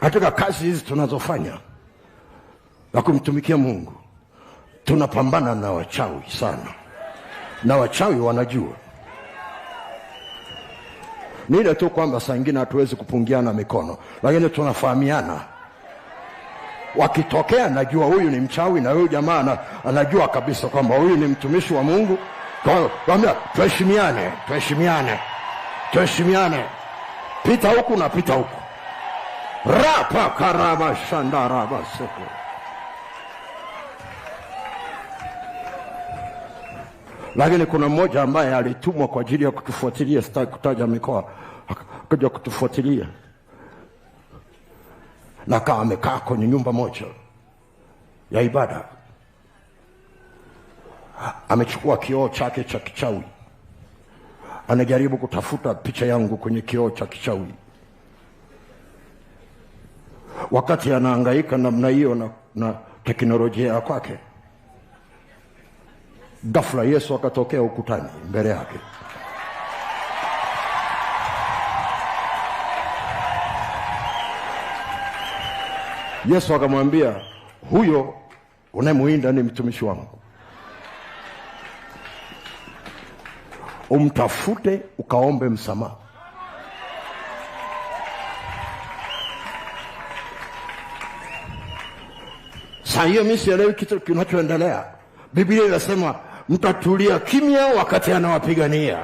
katika kazi hizi tunazofanya na kumtumikia Mungu, tunapambana na wachawi sana, na wachawi wanajua. nile tu kwamba saa ingine hatuwezi kupungiana mikono, lakini tunafahamiana. Wakitokea najua huyu ni mchawi, na huyu jamaa anajua kabisa kwamba huyu ni mtumishi wa Mungu. Kwambia tuheshimiane, tuheshimiane, tuheshimiane, pita huku na pita huku rapakarabashandarabasoko lakini kuna mmoja ambaye alitumwa kwa ajili ya kutufuatilia, sitaki kutaja mikoa, akaja kutufuatilia na kaa amekaa kwenye nyumba moja ya ibada, amechukua kioo chake cha kichawi, anajaribu kutafuta picha yangu kwenye kioo cha kichawi wakati anaangaika namna hiyo na, na teknolojia ya kwake. Ghafla Yesu akatokea ukutani mbele yake. Yesu akamwambia, huyo unayemuinda ni mtumishi wangu, umtafute ukaombe msamaha Saa hiyo mimi sielewi kitu kinachoendelea. Biblia inasema mtatulia kimya wakati anawapigania.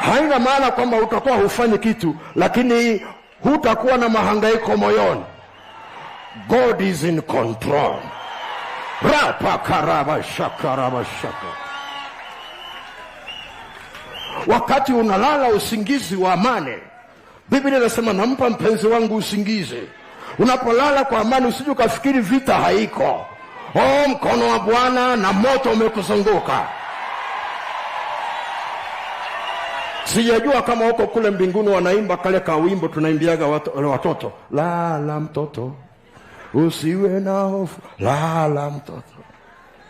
Haina maana kwamba utakuwa hufanyi kitu, lakini hutakuwa na mahangaiko moyoni. God is in control. rapakarabashakarabashaka wakati unalala usingizi wa amani, Biblia inasema nampa mpenzi wangu usingizi Unapolala kwa amani, usije ukafikiri vita haiko. Oh, mkono wa Bwana na moto umekuzunguka. Sijajua kama huko kule mbinguni wanaimba kale ka wimbo tunaimbiaga watoto lala mtoto usiwe na hofu, lala mtoto.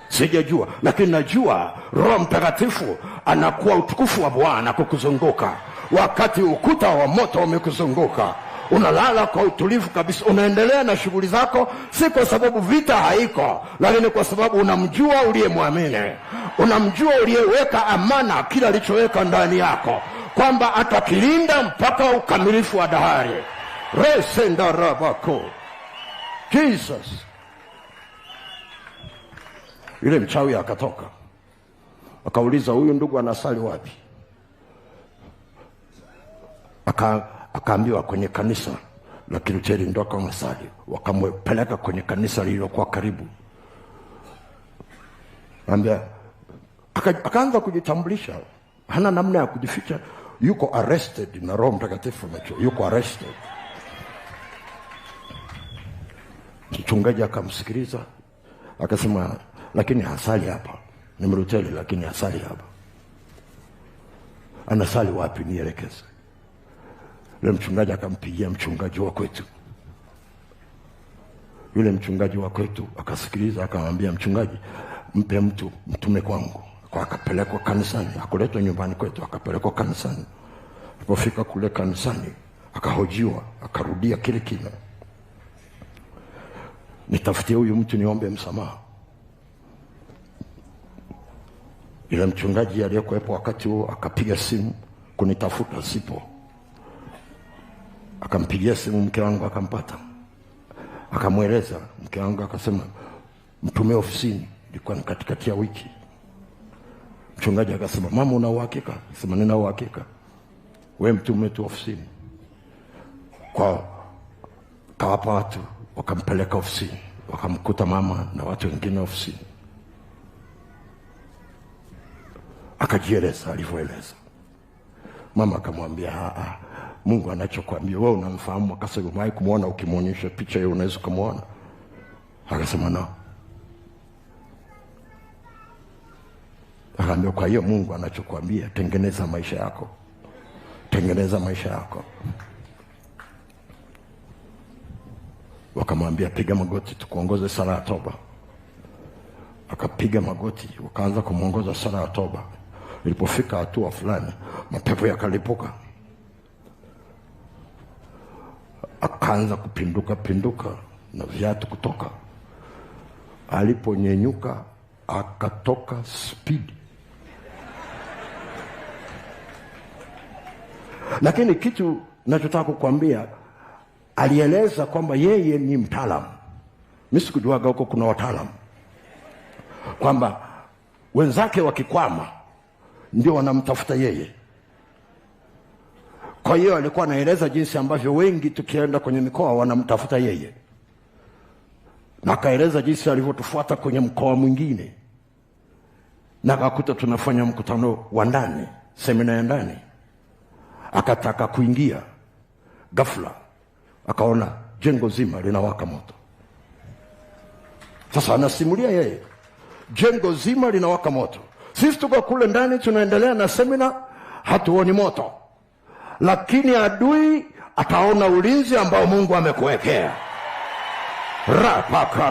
Sijajua, lakini najua Roho Mtakatifu anakuwa utukufu wa Bwana kukuzunguka wakati ukuta wa moto umekuzunguka unalala kwa utulivu kabisa, unaendelea na shughuli zako, si kwa sababu vita haiko, lakini kwa sababu unamjua uliyemwamini, unamjua uliyeweka amana kila alichoweka ndani yako kwamba atakilinda mpaka ukamilifu wa dahari. resendarabako Jesus. Yule mchawi akatoka akauliza, huyu ndugu anasali wapi? aka akaambiwa kwenye kanisa la Kiluteri ndo akamsali, wakampeleka kwenye kanisa lililokuwa karibu, ambia akaanza kujitambulisha, hana namna ya kujificha, yuko arrested na Roho Mtakatifu macho, yuko arrested. Mchungaji akamsikiliza akasema, lakini hasali hapa, ni mruteli lakini hasali hapa. Anasali wapi? Nielekeze. Yule mchungaji akampigia mchungaji wa kwetu, yule mchungaji wa kwetu akasikiliza, akamwambia mchungaji, mpe mtu mtume kwangu. Kwa akapelekwa kanisani, akuletwa nyumbani kwetu, akapelekwa kanisani. Alipofika kule kanisani, akahojiwa, akarudia kile kile, nitafutie huyu mtu niombe msamaha. Yule mchungaji aliyekuwepo wakati huo akapiga simu kunitafuta, sipo akampigia simu mke wangu akampata, akamweleza mke wangu akasema, mtume ofisini. Ilikuwa ni katikati ya wiki. Mchungaji akasema, mama, una uhakika? Sema, nina uhakika, we mtume tu ofisini kwa kawapa watu, wakampeleka ofisini, wakamkuta mama na watu wengine ofisini, akajieleza alivyoeleza. Mama akamwambia ah, ah, Mungu anachokwambia we unamfahamu. Akasema kumwona, ukimwonyesha picha hiyo unaweza ukamwona. Akasema no. Akaambia, kwa hiyo Mungu anachokwambia, tengeneza maisha yako, tengeneza maisha yako. Wakamwambia, piga magoti tukuongoze sara ya toba. Akapiga magoti, wakaanza kumwongoza sara ya toba. Ilipofika hatua fulani, mapepo yakalipuka. akaanza kupinduka pinduka na viatu kutoka. Aliponyenyuka akatoka spidi, lakini kitu nachotaka kukwambia, alieleza kwamba yeye ni mtaalamu. Mi sikujuaga huko kuna wataalamu, kwamba wenzake wakikwama ndio wanamtafuta yeye kwa hiyo alikuwa anaeleza jinsi ambavyo wengi tukienda kwenye mikoa wanamtafuta yeye, na akaeleza jinsi alivyotufuata kwenye mkoa mwingine, na akakuta tunafanya mkutano wa ndani, semina ya ndani, akataka kuingia. Ghafla akaona jengo zima linawaka moto. Sasa anasimulia yeye, jengo zima linawaka moto, sisi tuko kule ndani tunaendelea na semina, hatuoni moto lakini adui ataona ulinzi ambao Mungu amekuwekea rapaka